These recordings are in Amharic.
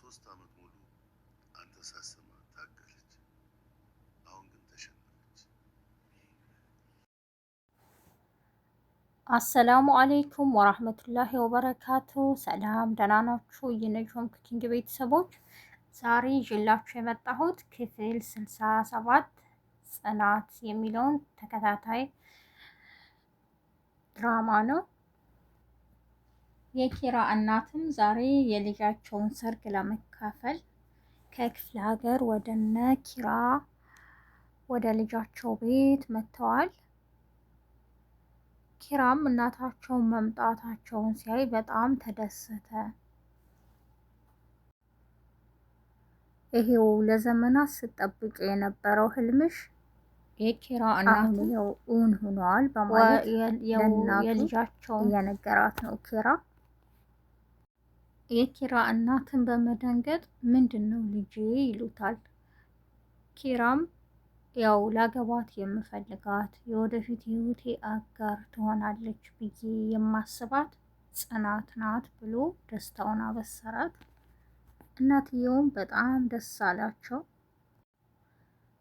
ሶስት አመት ሙሉ አንተ ሳሰማ ታገለች። አሁን ግን ተሸነፈች። አሰላሙ አሌይኩም ወራህመቱላሂ ወበረካቱ። ሰላም ደህና ናችሁ? የነጆም ኩኪንግ ቤተሰቦች ዛሬ ይዤላችሁ የመጣሁት ክፍል ስልሳ ሰባት ጽናት የሚለውን ተከታታይ ድራማ ነው። የኪራ እናትም ዛሬ የልጃቸውን ሰርግ ለመካፈል ከክፍለ ሀገር ወደ ኪራ ወደ ልጃቸው ቤት መጥተዋል። ኪራም እናታቸውን መምጣታቸውን ሲያይ በጣም ተደሰተ። ይሄው ለዘመናት ስጠብቅ የነበረው ህልምሽ የኪራ እናት እውን ሆኗል በማለት የልጃቸውን እየነገራት ነው ኪራ የኪራ እናትን በመደንገጥ ምንድን ነው ልጄ ይሉታል። ኪራም ያው ላገባት የምፈልጋት የወደፊት ህይወቴ አጋር ትሆናለች ብዬ የማስባት ጽናት ናት ብሎ ደስታውን አበሰራት። እናትየውም በጣም ደስ አላቸው።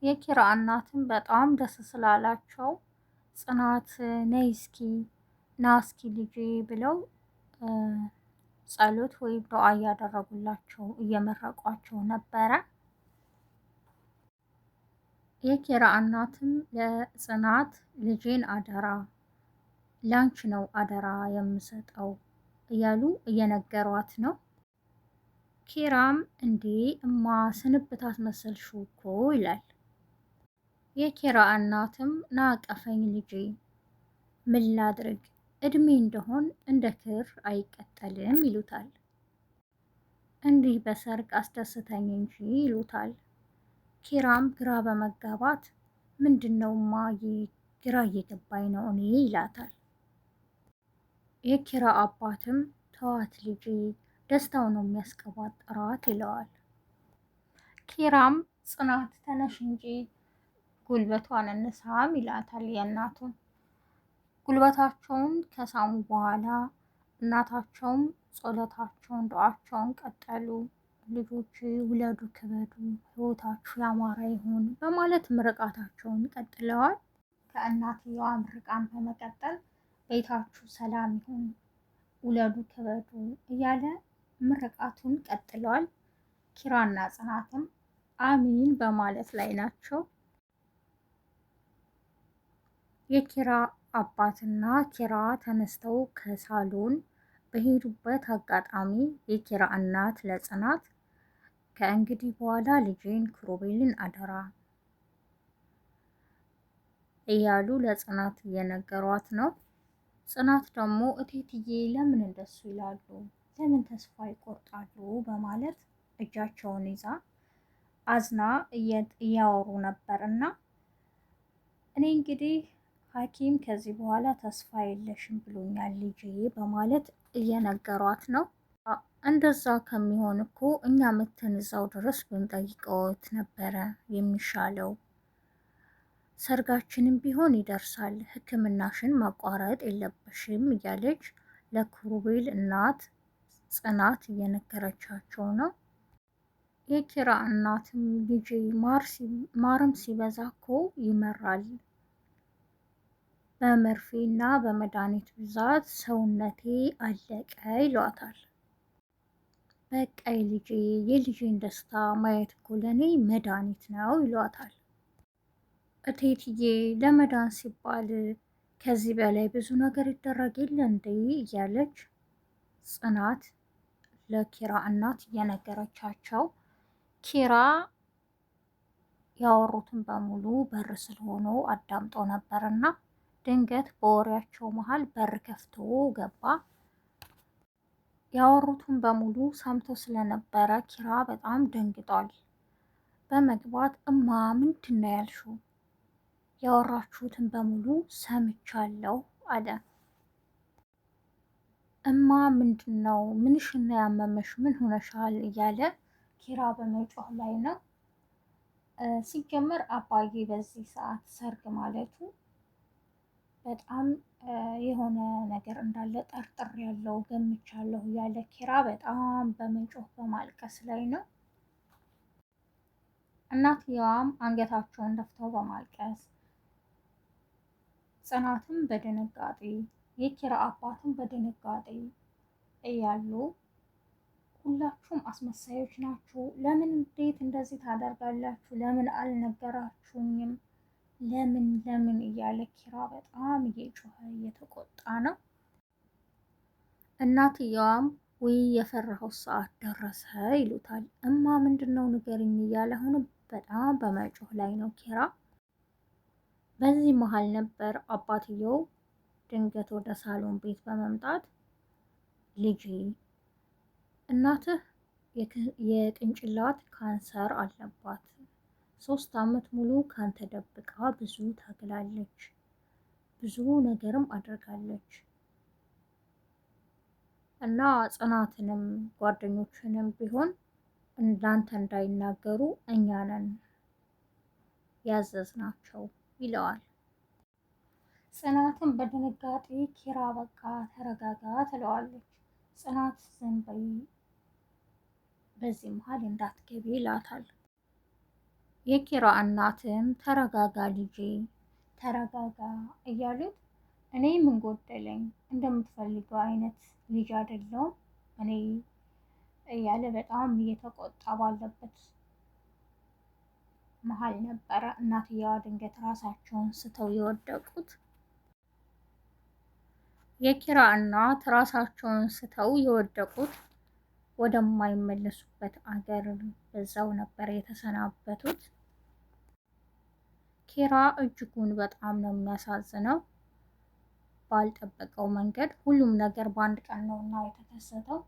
የኪራ እናትም በጣም ደስ ስላላቸው ጽናት ነይ እስኪ ና እስኪ ልጄ ብለው ጸሎት ወይም ዱዓ እያደረጉላቸው እየመረቋቸው ነበረ። የኬራ እናትም ለጽናት ልጄን አደራ ላንች ነው አደራ የምሰጠው እያሉ እየነገሯት ነው። ኬራም እንዴ እማ ስንብት አስመሰልሽ እኮ ይላል። የኬራ እናትም ናቀፈኝ ልጄ ምን ላድርግ እድሜ እንደሆን እንደ ክር አይቀጠልም ይሉታል። እንዲህ በሰርግ አስደስተኝ እንጂ ይሉታል። ኪራም ግራ በመጋባት ምንድን ነው ማዬ ግራ እየገባኝ ነው እኔ ይላታል። የኪራ አባትም ተዋት ልጅ፣ ደስታው ነው የሚያስቀባጥራት ይለዋል። ኪራም ጽናት ተነሽ እንጂ ጉልበቷን እንሳም ይላታል የእናቱን ጉልበታቸውን ከሳሙ በኋላ እናታቸውም ጸሎታቸውን፣ ዱዓቸውን ቀጠሉ። ልጆች ውለዱ፣ ክበዱ፣ ህይወታችሁ ያማረ ይሁን በማለት ምርቃታቸውን ቀጥለዋል። ከእናትየዋ ምርቃን በመቀጠል ቤታችሁ ሰላም ይሁን፣ ውለዱ፣ ክበዱ እያለ ምርቃቱን ቀጥለዋል። ኪራና ጽናትም አሚን በማለት ላይ ናቸው። የኪራ አባትና ኪራ ተነስተው ከሳሎን በሄዱበት አጋጣሚ የኪራ እናት ለጽናት ከእንግዲህ በኋላ ልጄን ክሮቤልን አደራ እያሉ ለጽናት እየነገሯት ነው። ጽናት ደግሞ እቴትዬ ለምን እንደሱ ይላሉ? ለምን ተስፋ ይቆርጣሉ? በማለት እጃቸውን ይዛ አዝና እያወሩ ነበር እና እኔ እንግዲህ ሐኪም ከዚህ በኋላ ተስፋ የለሽም ብሎኛል ልጄ በማለት እየነገሯት ነው። እንደዛ ከሚሆን እኮ እኛ ምትንዛው ድረስ ብንጠይቀውት ነበረ የሚሻለው። ሰርጋችንም ቢሆን ይደርሳል፣ ሕክምናሽን ማቋረጥ የለበሽም እያለች ለክሩቤል እናት ጽናት እየነገረቻቸው ነው። የኪራ እናትም ልጄ ማርም ሲበዛ እኮ ይመራል በመርፌ እና በመድኃኒት ብዛት ሰውነቴ አለቀ ይሏታል። በቃይ ልጄ የልጄን ደስታ ማየት እኮ ለእኔ መድኃኒት ነው ይሏታል። እቴትዬ ለመዳን ሲባል ከዚህ በላይ ብዙ ነገር ይደረግ የለ እንዴ እያለች ጽናት ለኪራ እናት እየነገረቻቸው ኪራ ያወሩትን በሙሉ በር ስለሆኖ አዳምጦ ነበርና ድንገት በወሬያቸው መሃል በር ከፍቶ ገባ። ያወሩትን በሙሉ ሰምቶ ስለነበረ ኪራ በጣም ደንግጧል። በመግባት እማ ምንድን ነው ያልሽው? ያወራችሁትን በሙሉ ሰምቻለሁ አለ። እማ ምንድን ነው ነው ያመመሽ? ምን ሆነሻል? እያለ ኪራ በመጮህ ላይ ነው። ሲጀመር አባዬ በዚህ ሰዓት ሰርግ ማለቱ በጣም የሆነ ነገር እንዳለ ጠርጥር ያለው ገምቻለሁ ያለ ኪራ በጣም በመጮህ በማልቀስ ላይ ነው። እናትየዋም አንገታቸውን ደፍተው በማልቀስ ጽናትም በድንጋጤ የኪራ አባትም በድንጋጤ እያሉ ሁላችሁም አስመሳዮች ናችሁ፣ ለምን እንዴት እንደዚህ ታደርጋላችሁ? ለምን አልነገራችሁኝም? ለምን ለምን እያለ ኪራ በጣም እየጮኸ እየተቆጣ ነው። እናትየዋም ውይ የፈራኸው ሰዓት ደረሰ ይሉታል። እማ ምንድን ነው ንገርኝ እያለ አሁንም በጣም በመጮህ ላይ ነው ኪራ። በዚህ መሀል ነበር አባትየው ድንገት ወደ ሳሎን ቤት በመምጣት ልጄ እናትህ የቅንጭላት ካንሰር አለባት ሶስት ዓመት ሙሉ ካንተ ደብቃ ብዙ ታግላለች፣ ብዙ ነገርም አድርጋለች እና ጽናትንም ጓደኞችንም ቢሆን እንዳንተ እንዳይናገሩ እኛ ነን ያዘዝናቸው ይለዋል። ጽናትን በድንጋጤ ኪራ በቃ ተረጋጋ ትለዋለች። ጽናት ዝም በዚህ መሀል እንዳትገቢ ይላታል። የኪራ እናትም ተረጋጋ ልጄ ተረጋጋ እያሉት እኔ ምን ጎደለኝ እንደምትፈልገው አይነት ልጅ አይደለሁም እኔ እያለ በጣም እየተቆጣ ባለበት መሀል ነበረ እናትየዋ ድንገት ራሳቸውን ስተው የወደቁት። የኪራ እናት ራሳቸውን ስተው የወደቁት ወደማይመለሱበት አገር በዛው ነበር የተሰናበቱት። ኪራ እጅጉን በጣም ነው የሚያሳዝነው። ባልጠበቀው መንገድ ሁሉም ነገር በአንድ ቀን ነው እና የተከሰተው።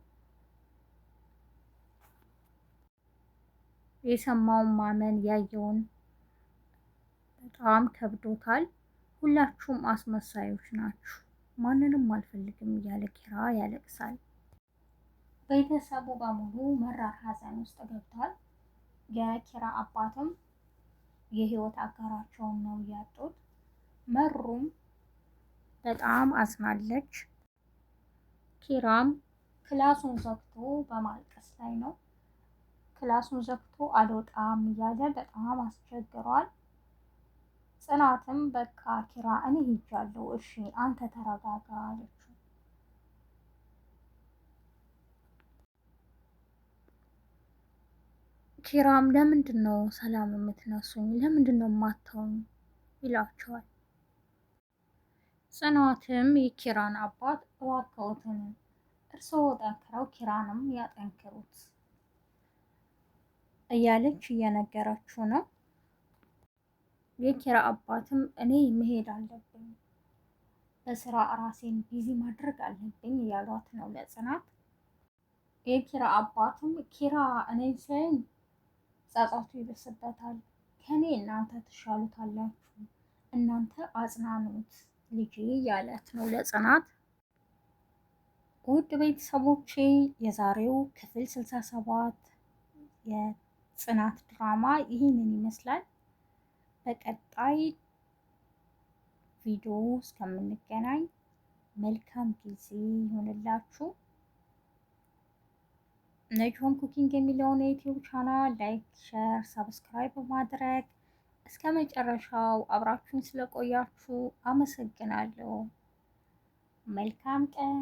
የሰማውን ማመን ያየውን በጣም ከብዶታል። ሁላችሁም አስመሳዮች ናችሁ፣ ማንንም አልፈልግም እያለ ኪራ ያለቅሳል። ቤተሰቡ በሙሉ መራር ሀዘን ውስጥ ገብቷል። የኪራ አባትም የህይወት አጋራቸውን ነው እያጡት። መሩም በጣም አዝናለች። ኪራም ክላሱን ዘግቶ በማልቀስ ላይ ነው። ክላሱን ዘግቶ አልወጣም እያለ በጣም አስቸግሯል። ጽናትም በቃ ኪራ እኔ ሂጃለሁ፣ እሺ አንተ ተረጋጋ አለች። ኪራም ለምንድን ነው ሰላም የምትነሱኝ? ለምንድን ነው የማተውኝ? ይላቸዋል። ጽናትም የኪራን አባት እባክዎትን እርስዎ ጠንክረው ኪራንም ያጠንክሩት እያለች እየነገረችው ነው። የኪራ አባትም እኔ መሄድ አለብኝ በስራ ራሴን ቢዚ ማድረግ አለብኝ እያሏት ነው ለጽናት። የኪራ አባትም ኪራ እኔ ሳይሆን ጻጻቱ ይበስበታል። ከኔ እናንተ ትሻሉታላችሁ፣ እናንተ አጽናኑት ልጅ ያለት ነው ለጽናት። ውድ ቤተሰቦቼ የዛሬው ክፍል 67 የጽናት ድራማ ይህንን ይመስላል። በቀጣይ ቪዲዮ እስከምንገናኝ መልካም ጊዜ ይሆንላችሁ። ነጂሆም ኩኪንግ የሚለውን የዩቲዩብ ቻናል ላይክ፣ ሸር፣ ሰብስክራይብ በማድረግ እስከ መጨረሻው አብራችሁን ስለቆያችሁ አመሰግናለሁ። መልካም ቀን